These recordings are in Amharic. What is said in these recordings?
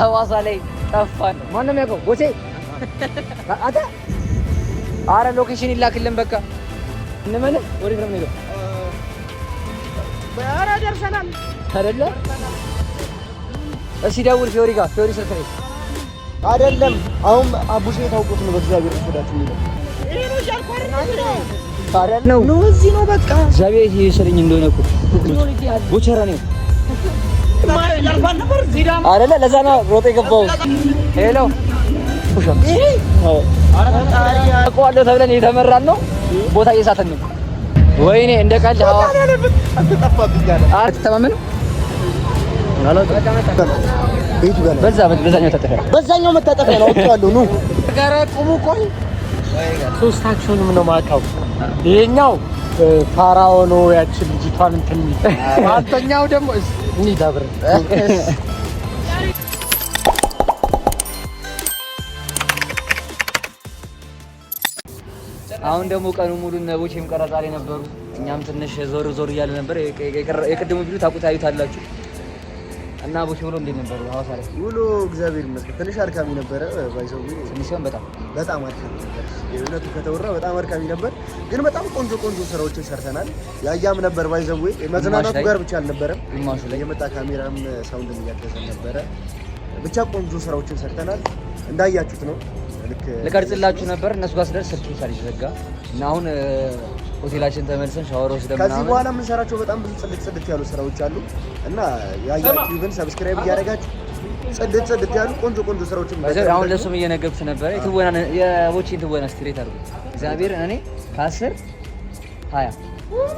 ሀዋሳ ላይ ጠፋን። ማን ነው የሚያውቀው? ጎሴ አተ አረ ሎኬሽን ይላክልን በቃ እንመለ ወዴት ነው የምንሄደው? ኧረ ደርሰናል አይደለ? እስኪ ደውል ፊዮሪ ጋር ፊዮሪ ስልክ አይደለም አሁን አቡሽ የታውቁት ነው። በእግዚአብሔር ስዳችሁ ነው ነው ነው እዚህ ነው በቃ እግዚአብሔር ይስረኝ እንደሆነ እኮ ቦቸራ ነው አይደለ? ለዛ ነው ሮጥ የገባው። ሄሎ አውቀዋለሁ ተብለን የተመራን ነው። ቦታ እየሳትን ነው። ወይኔ እንደ በዛኛው መታጠፊያ ነው። አውቀዋለሁ ነው ቁሙ። ቆይ ሶስታችሁንም ነው የማውቀው። ይሄኛው ፋራው ነው ያችን ልጅቷን እንትን፣ አንተኛው ደግሞ እኔ አሁን ደግሞ ቀኑ ሙሉ ነቦቼም ቀረጻ ላይ ነበሩ። እኛም ትንሽ ዞር ዞር እያለ ነበር። የቅድሙ ቪዲዮ ታውቁታላችሁ እና ቦቼ ውሎ እንዴት ነበር? ሐዋሳ ላይ ውሎ እግዚአብሔር ይመስገን ትንሽ አድካሚ ነበረ። ባይሰው ትንሽ በጣም በጣም አድካሚ ነበረ የእውነቱ ከተወራ በጣም አድካሚ ነበር፣ ግን በጣም ቆንጆ ቆንጆ ስራዎችን ሰርተናል። ያያም ነበር ባይዘዌ መዝናናቱ ጋር ብቻ አልነበረም። ላይ የመጣ ካሜራም ሳውንድ እያገዘን ነበረ። ብቻ ቆንጆ ስራዎችን ሰርተናል። እንዳያችሁት ነው። ልቀርጽላችሁ ነበር እነሱ ጋር ስደርስ ስልክ ሳልዘጋ እና አሁን ሆቴላችን ተመልሰን ሻወር ወስደን ከዚህ በኋላ የምንሰራቸው በጣም ብዙ ጽድት ጽድት ያሉ ስራዎች አሉ እና ያያችሁ ግን ሰብስክራይብ እያደረጋችሁ ጽድት ጽድት ያሉ ቆንጆ ቆንጆ ስራዎችን አሁን ለሱም እየነገብኩት ነበረ። የትወና የቦቼን ትወና ስትሬት አድርጉ። እግዚአብሔር እኔ ከአስር ሀያ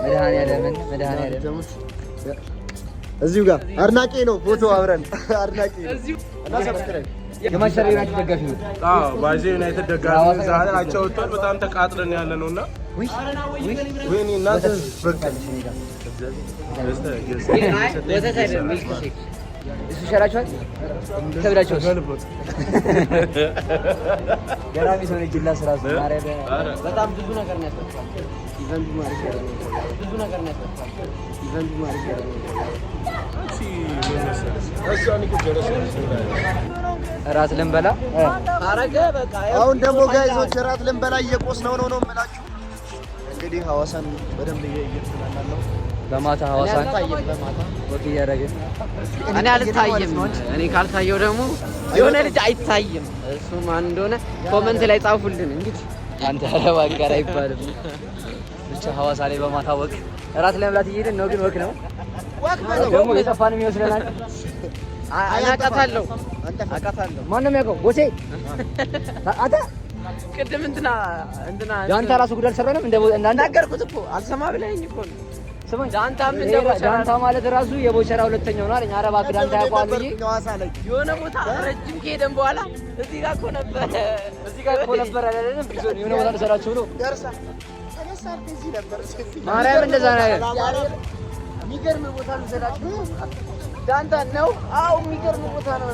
መድኃኒዓለምን መድኃኒዓለምን እዚሁ ጋር አድናቂ ነው ፎቶ አብረን አድናቂ የማንቸስተር ዩናይትድ ደጋፊ ነው። ባዜ ዩናይትድ ደጋፊ ዛሬ አቻ በጣም ተቃጥለን ያለ ነው እና ወይኔ እናት በቃ ይሻላችኋል። ከብዳችኋል። ገራሚ ሰው ነኝ። ጅላ ስራ በጣም ብዙ ነገር ነው እራት ልንበላ አረገ። በቃ አሁን ደግሞ ጋይዞች እራት ልንበላ እየቆስ ነው ነው ነው የምላችሁ እንግዲህ ሀዋሳን በደንብ እየተዝናናለሁ በማታ ሐዋሳ ወክ እያደረግን እኔ አልታይም። እኔ ካልታየው ደግሞ የሆነ ልጅ አይታይም። እሱ ማን እንደሆነ ኮመንት ላይ ጻፉልን። እንግዲህ አንተ አረባጋር አይባልም። ብቻ ሐዋሳ ላይ በማታ ወክ እራት ለመብላት እየሄድን ነው፣ ግን ወክ ነው ደግሞ የጠፋን ይመስለናል። አውቃታለሁ፣ አቃታለሁ። ማነው የሚያውቀው? ቦሴ አንተ ቅድም እንትና እንትና የአንተ ራሱ ጉዳይ አልሰራንም። እንደ እናገርኩት እኮ አልሰማ ብለኸኝ እኮ ነው ዳንታ ማለት ራሱ የቦቸራ ሁለተኛው ነው አለኝ። አረባ ዳንታ ያቋል ብዬ የሆነ ቦታ ረጅም ከሄደን በኋላ እዚህ ጋር እኮ ነበረ እዚህ ጋር እኮ ነበረ አይደለም የሆነ ቦታ ልሰራችሁ ብሎ ማርያም እንደዛ ነገር የሚገርም ቦታ ልሰራችሁ ዳንታ ነው። አዎ የሚገርም ቦታ ነው።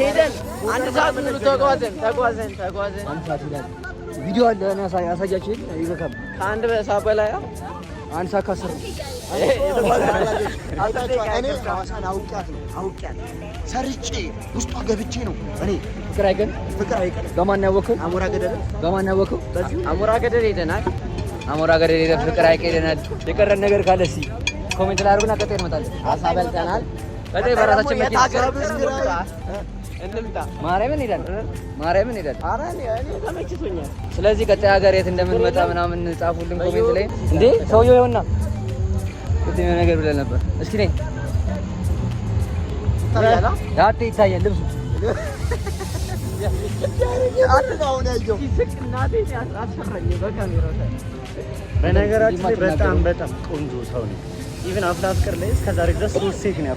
ሄደን አንድ ሰዓት ሙሉ ተጓዘን ተጓዘን ተጓዘን ቪዲዮ አለ ያሳያችሁ ይበቃል። ከአንድ ሰዓት በላይ አንሳ ከስር እኔ ሐዋሳን ውስጧ ገብቼ ነው እኔ ፍቅር አይቀን ፍቅር አይቀን በማን ያወቅኸው? አሞራ ገደል በማን ያወቅኸው? አሞራ ገደል ሄደናል። አሞራ ገደል ሄደን ፍቅር አይቀን ሄደናል። የቀረን ነገር ካለ እስኪ ኮሜንት ላይ አድርጉና ቀጣይ እንመጣለን። አሳ በልተናል። ቀጣይ በራሳችን መኪና እንምጣ። ማርያምን እንሄዳለን፣ ማርያምን እንሄዳለን። ኧረ እኔ ተመችቶኛል። ስለዚህ ቀጣይ ሀገር የት እንደምንመጣ ምናምን ጻፉልን ኮሜንት ላይ። እንዴ ሰውዬው ይኸውና የሆነ ነገር ብለን ነበር። እስኪ ነኝ አጤ ይታያል ልብሱ በነገራችን ላይ በጣም በጣም ቆንጆ ሰው ነው። ኢቭን አፍላ ፍቅር ላይ እስከዛሬ ድረስ ሶስት ሴት ነው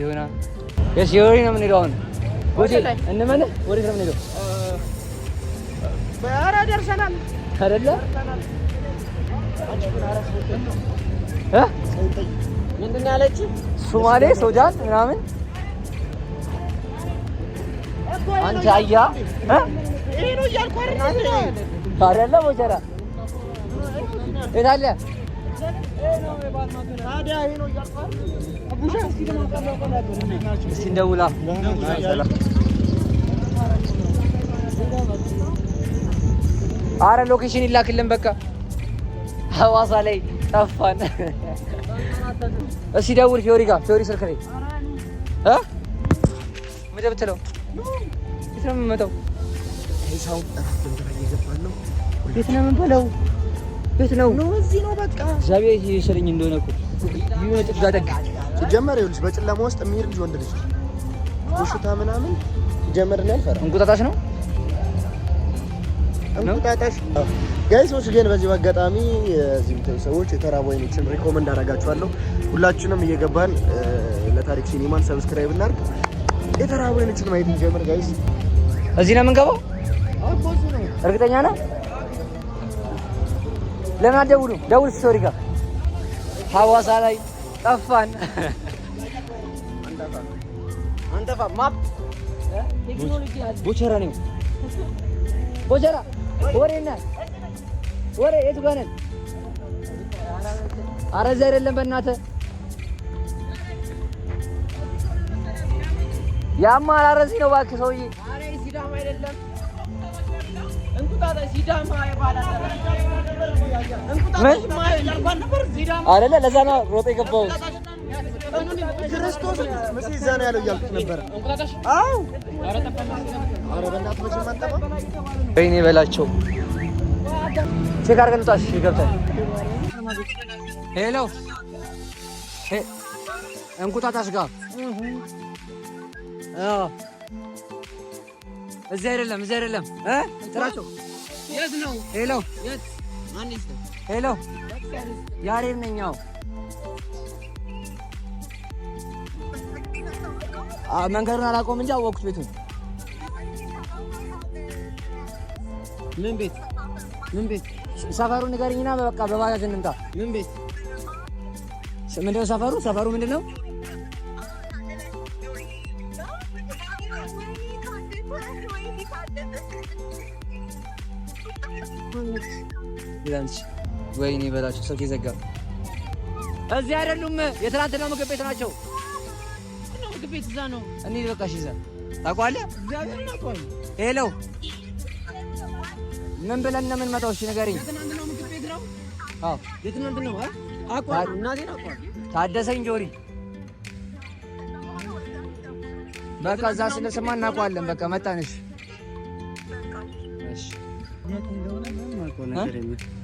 ይሁና እሺ ወዴት ነው የምንሄደው አሁን እንመን ወዴት ነው የምንሄደው ኧረ ደርሰናል አይደለ ምንድን ነው ያለችው ሶማሌ ሶጃን ምናምን አንቺ አያ ይሄ ነው እያልኩ አይደለ ወጀራ የት አረ ሎኬሽን ይላክልን። በቃ ሀዋሳ ላይ ጠፋን። እስኪ ደውል ፊዮሪ ጋር ፊዮሪ ስልክ ላይ እ ምንድን ብትለው የት ነው የምመጣው? የት ነው የምንበለው? ቤት ነው ነው እዚህ ነው በቃ እግዚአብሔር ይሽረኝ እንደሆነ እኮ ይሁን ጥጋ ደግ ሲጀመር ይኸውልሽ በጨለማ ውስጥ የሚሄድ ልጅ ወንድ ልጅ ውሽታ ምናምን ሲጀመር ነው ያልፈራ እንቁጣጣሽ ነው እንቁጣጣሽ ጋይሶች ግን በዚህ አጋጣሚ እዚህ የምታዩ ሰዎች የተራቡ ወይኖችን ሪኮመንድ አደርጋችኋለሁ ሁላችንም እየገባን ለታሪክ ሲኒማን ሰብስክራይብ እናድርግ የተራቡ ወይኖችን ማየት እንጀምር ጋይስ እዚህ ነው የምንገባው እርግጠኛ ነህ ለምን አትደውሉ? ደውል ስቶሪ ጋር ሐዋሳ ላይ ጠፋን። አንጠፋ ማፕ ቦቸራ ነው ቦቸራ ወሬና ወሬ የቱ ጋር ነን? ኧረ እዚያ አይደለም በእናትህ ያማ አላረዚ ነው እባክህ ሰውዬ። አረ ሲዳማ አይደለም አይደለ? ለዛ ነው ሮጥ የገባው። ክርስቶስ መቼ እዛ ነው ያለው እያልኩት ነበረ። ወይኔ በላቸው። ቼክ አድርገን ውጣ። ገብተን ሄሎ፣ እንቁጣጣሽ ጋር እዚህ አይደለም፣ እዚህ አይደለም። ጥራቸው ነው? ሄሎ ሄሎ፣ ያሬድ ነኝ። አዎ መንገዱን አላውቀውም እንጂ አወቅሁት ቤቱን። ምን ቤት ምን ቤት? ሰፈሩ ንገሪኝና በቃ በባጃጅ እንምጣ። ምን ቤት ምንድነው ሰፈሩ? ሰፈሩ ምንድነው? ላንቺ ወይኔ በላቸው ሰው ይዘጋ። እዚህ አይደሉም፣ የትናንትና ምግብ ቤት ናቸው። ምግብ ቤት እዛ ነው። እኔ በቃ እሺ፣ ታቋለ ታውቀዋለህ። ሄሎ፣ ምን ብለን ነው የምንመጣው? እሺ ንገሪኝ። ታደሰ እንጆሪ በቃ እዛ ስለሰማ እናውቀዋለን። በቃ መጣን። እሺ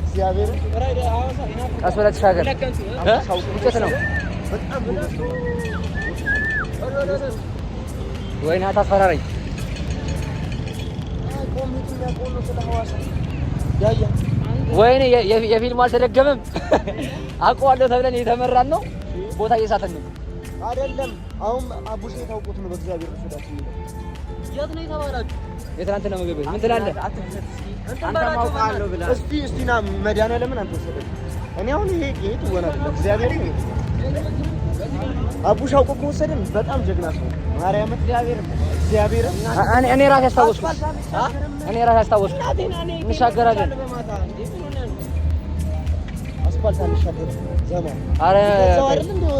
እግዚአብሔር ቀስ ብለህ ተሻገር። ውጤት ነው። ወይኔ አታስፈራረኝ። ወይኔ የፊልሙ አልተደገመም። አውቀዋለሁ ተብለን እየተመራን ነው። ቦታ እየሳተን ነው አይደለም። አሁን አቡሽ የታውቁት ነው። በእግዚአብሔር ፍዳችን ነው። የት ነው የተባላችሁ? ነው ምግብ ምን ትላለህ? እስቲ እስቲ ና መድኃኒዓለምን አንተ ወሰደ። እኔ አሁን ይሄ ይሄ ትወና አይደለም። እግዚአብሔር ነው አቡሽ አውቆ ከወሰደን በጣም ጀግና ሰው ማርያም፣ እግዚአብሔር እግዚአብሔር እኔ ራሴ አስታወስኩት። እኔ ራሴ አስታወስኩት። እንሻገራለን አስፋልት አንሻገር ዘማ አረ ነው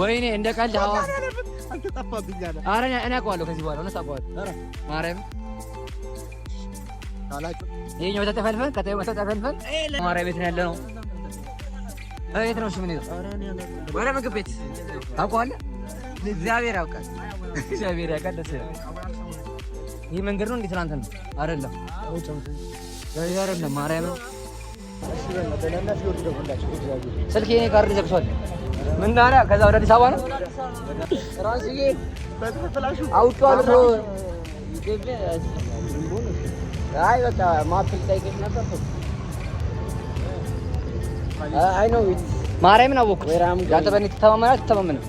ወይኔ እንደ ቀልድ ሐዋሳ እኔ አውቀዋለሁ። ከዚህ በኋላ እውነት አውቀዋለሁ። ማርያም ይኸኛው ተጠፈልፈን ቀጣዩ ተጠፈልፈን ማርያም ቤት ያለ ነው። ቤት ነው? እሺ ምን ወደ ምግብ ቤት አውቀዋለሁ። እግዚአብሔር ያውቃል፣ እግዚአብሔር ያውቃል። ደስ ይላል። ይህ መንገድ ነው እንደ ትናንት ነው አይደለም፣ አይደለም። ማርያም ስልክ የኔ ጋር ዘግቷል። ምን ታዲያ ከዛ ወደ አዲስ አበባ ነው ራስዬ አውቄዋለሁ። አይ ነው ማርያምን አወኩት። አንተ በእኔ ትተማመናለህ አልተማመንም።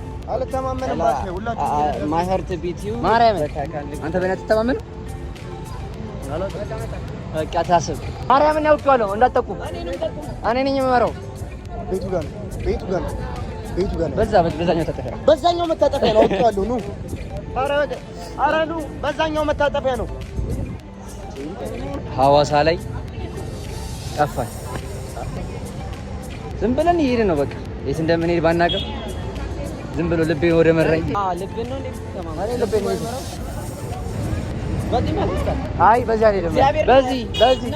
ማይ ሀርት ቢት ዩ ማርያምን። አንተ በእኔ እኔ ነኝ የምመራው። ቤቱ ጋር ቤቱ ጋር በዛኛው መታጠፊያ ነው አውጥቼዋለሁ። ኑ ኑ በዛኛው መታጠፊያ ነው። ሐዋሳ ላይ ጠፋን። ዝም ብለን እየሄድን ነው። በቃ የት እንደምንሄድ ባናውቅም ዝም ብሎ ልቤ ወደ መራኝ። አይ በዚህ አልሄድም። በዚህ በዚህ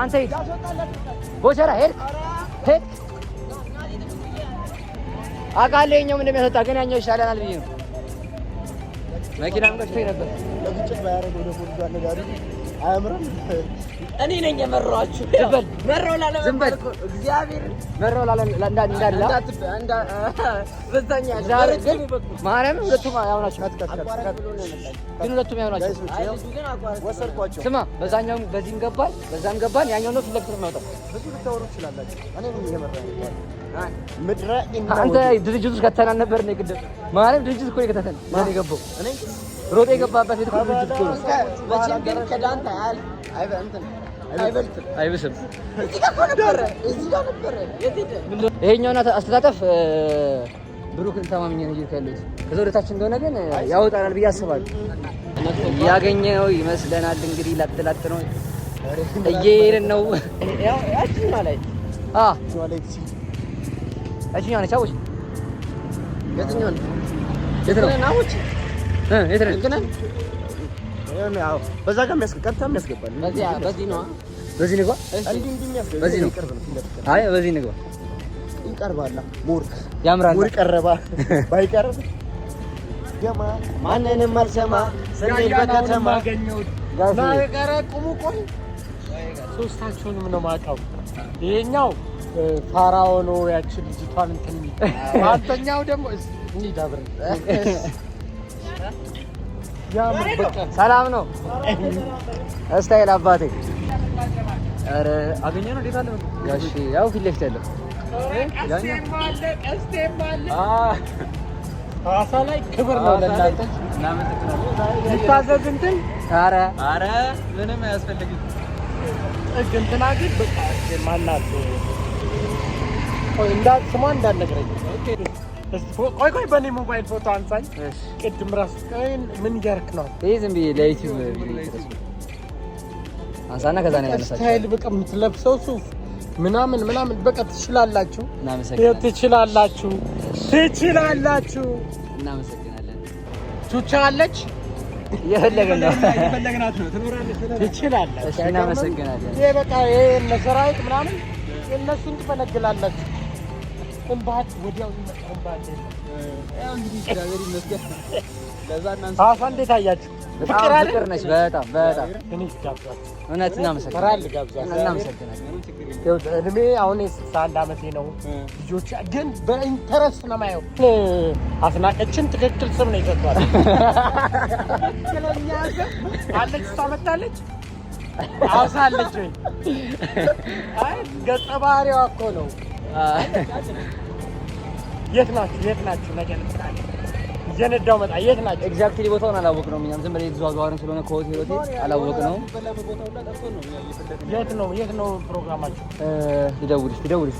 አንተ ቦቸራ ሄድክ ሄድክ አቃለ የኛውም እንደሚያሰጣ ግን ያኛው ይሻለናል ብዬ ነው መኪና ነበር አያምርም። እኔ ነኝ የመራኋችሁ። ዝበል መራው ላለ ዝበል እግዚአብሔር መራው ላለ እንዳ እንዳ እንዳ በዛኛ ዛሬ ግን ማርያም ሁለቱም ያው ናቸው። ግን ሁለቱም ያው ናቸው። ወሰድኳቸው። ስማ፣ በዛኛውም በዚህም ገባን፣ በዛም ገባን። ያኛው ነው ፊት ለፊት የሚያወጣው። ብዙ ልታወሩ ትችላላችሁ። እኔ ነኝ የመራኝ። አንተ ድርጅቱ ከተናን ነበር ነው። ቅድም ማርያም ድርጅት እኮ ነው የከተተን ማን የገባው እኔ ሮጥ የገባበት የተኮረጀ ነው። መቼም ግን ከዳንት አያል አይበልጥም ይሄኛውን አስተጣጠፍ ብሩክን ተማምኜ ነው ያለሁት። ከዛ ወደታችን እንደሆነ ግን ያወጣናል ብዬ አስባለሁ። ያገኘው ይመስለናል እንግዲህ ላጥላጥ ነው እየሄድን ነው። ያቺኛው ነች። የት ነው? በዛ ጋር ቀጥታ የሚያስገባል በዚህ ይቀርባል። ማንንም አልሰማ ስንል በከተማ ማቀረ ቁሙ። ቆይ ሶስታችሁንም ነው የማውቀው። ይሄኛው ፋራው ነው ያችን ልጅቷን እንትን፣ አንተኛው ደግሞ እንዲዳብር ሰላም ነው። እስታይል አባቴ አረ አገኘ ነው። እንዴት አለ ያው ፊት ለፊት ያለው ሐዋሳ ላይ ክብር ነው ለእናንተ እንትን ምንም አያስፈልግም። እንትና ግን በቃ ማናት ስሟ ቆይ ቆይ፣ በእኔ ሞባይል ፎቶ አንሳኝ። ቅድም ራሱ ምን እያደረክ ነው? ይህ ዝም ብዬ ለዩቲዩብ አንሳና፣ ከዛ ነው ያነሳችሁ። ስታይል በቃ የምትለብሰው ሱፍ ምናምን ምናምን፣ በቃ ትችላላችሁ፣ ትችላላችሁ፣ ትችላላችሁ። እናመሰግናለን። ቹቻ አለች፣ የፈለገን ነው ትችላለች። እናመሰግናለን። ይሄ በቃ ይሄ ሰራዊት ምናምን እነሱን ትፈነግላላችሁ ቁምባት ወዲያው ይመጣ ያው እንግዲህ እንዴት አያችሁ? ፍቅር ነች። በጣም በጣም እውነት እናመሰግናለን። እድሜ አሁን የስልሳ አንድ ዓመቴ ነው። ልጆች ግን በኢንተረስት ነው የማየው። አስናቀችን ትክክል ስም ነው የሰጧት። ስለኛ አለች እሷ መታለች ወይ ገጸ ባህሪዋ እኮ ነው የት ናችሁ? የት ናችሁ? ነገ እንመጣለን። መጣ። የት ናችሁ? ኤግዛክትሊ ቦታውን አላወቅነውም። እኛም ዝም ብለን የተዘዋወርን ስለሆነ ከሆቴል ሆቴል አላወቅነውም። የት ነው? የት ነው ፕሮግራማችሁ? ልደውልሽ ልደውልሽ።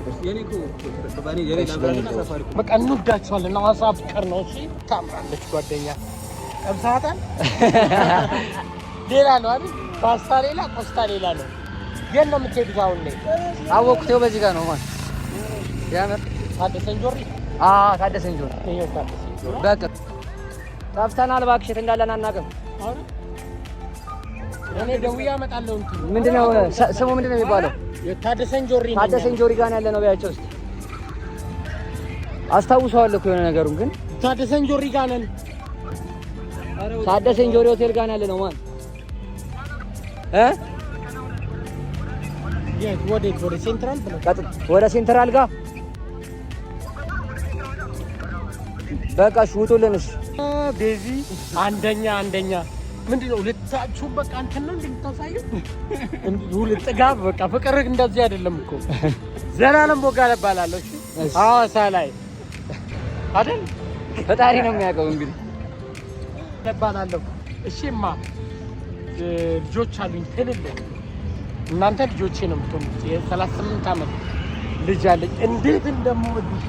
በቃ እንወዳችኋለን። ነው። እሺ ታምራለች ጓደኛ ቀምሳታል። ሌላ ነው አይደል? ፓስታ ሌላ፣ ቆስታ ሌላ ነው። የት ነው የምትሄዱት? አሁን ላይ አወቅኩት። ይኸው በዚህ ጋር ነው ማለት ታደሰን ጆሪ በቃ ጠፍተናል። እባክሽ የት እንዳለን አናውቅም። ደውዬ አመጣለሁ። ምንድን ነው ስሙ? ምንድን ነው የሚባለው? ታደሰ እንጆሪ ጋር ያለ ነው። ቢያቸው ውስጥ አስታውሰዋለሁ የሆነ ነገሩን ግን ታደሰን ጆሪ ጋር ነን። ታደሰን ጆሪ ሆቴል ጋር ያለ ነው። ማን እ ወደ ሴንትራል ጋር በቃ እሺ ውጡልን። ቤዚ አንደኛ አንደኛ ምንድን ነው ሁለታችሁም በቃ አንተ ነው እንደምታሳየው ሁለት ጥጋብ በቃ ፍቅር እንደዚህ አይደለም እኮ ዘላለም ቦጋለ እባላለሁ። እሺ ሐዋሳ ላይ አይደል ፈጣሪ ነው የሚያውቀው። እንግዲህ እባላለሁ። እሺማ ልጆች አሉኝ ትልልቅ እናንተ ልጆቼ ነው የምትሆኑት። የሰላሳ ስምንት ዓመት ልጅ አለኝ። እንዴት እንደምወድሽ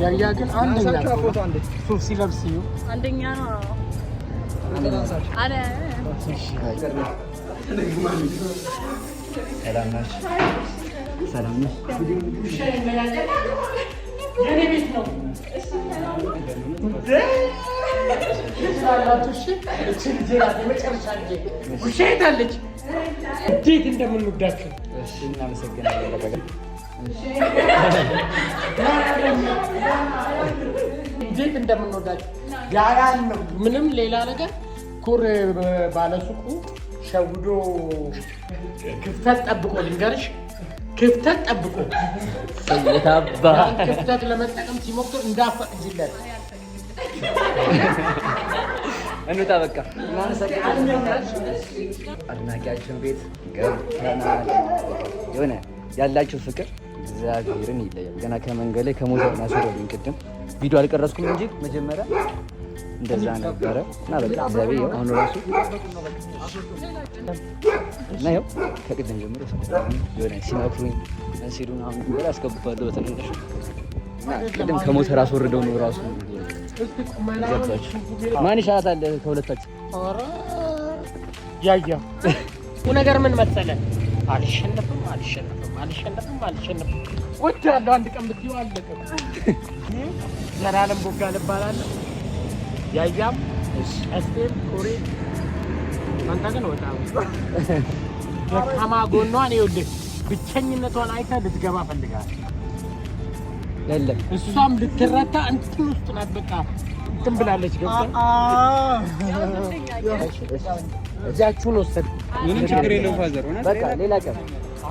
ያያ ግን አንደኛ ሱፍ ሲለብስ አንደኛ ነው። ውሻ ሄዳለች። እንዴት እንደምንወዳችሁ እናመሰግናለን። እንዴት እንደምንወዳቸው ያያን ነው። ምንም ሌላ ነገር ኩር ባለሱቁ ሸውዶ ክፍተት ጠብቆ ልንገርሽ፣ ክፍተት ጠብቆ ክፍተት ለመጠቀም ሲሞክር እንዳፈቅጅለት እንውጣ በቃ አድናቂያችን ቤት ገብተናል። የሆነ ያላችሁ ፍቅር እግዚአብሔርን ይለያል። ገና ከመንገድ ላይ ከሞት ናሰሮብኝ ቅድም ቪዲዮ አልቀረስኩም እንጂ መጀመሪያ እንደዛ ነበረ እና በቃ ዘቢ አሁን ራሱ እና ያው ከቅድም ጀምሮ የሆነ ሲመክሩኝ ሲሉን አሁን ገር አስገባለሁ በተለሽ ቅድም ከሞተር አስወርደው ነው ራሱ ማን ይሻላታል ከሁለታችሁ? ያያ ነገር ምን መሰለህ አልሸነፍም አልሸነፍም አልሸነፍም አልሸነፍም ወዳለሁ አንድ ቀን ብትይው አለቀ ዘላለም ቦጋለ እባላለሁ። ያያም እስቴል ኩሪ አንተ ግን ወጣው ደካማ ጎኗን ይኸውልህ ብቸኝነቷን አይተህ ልትገባ ፈልጋለህ። የለም እሷም ልትረታ እንትን ውስጥ ናት። በቃ እንትን ብላለች። ገብተህ እዚያችሁን ወሰድኩ። ምንም ችግር የለውም ፋዘር። በቃ ሌላ ቀን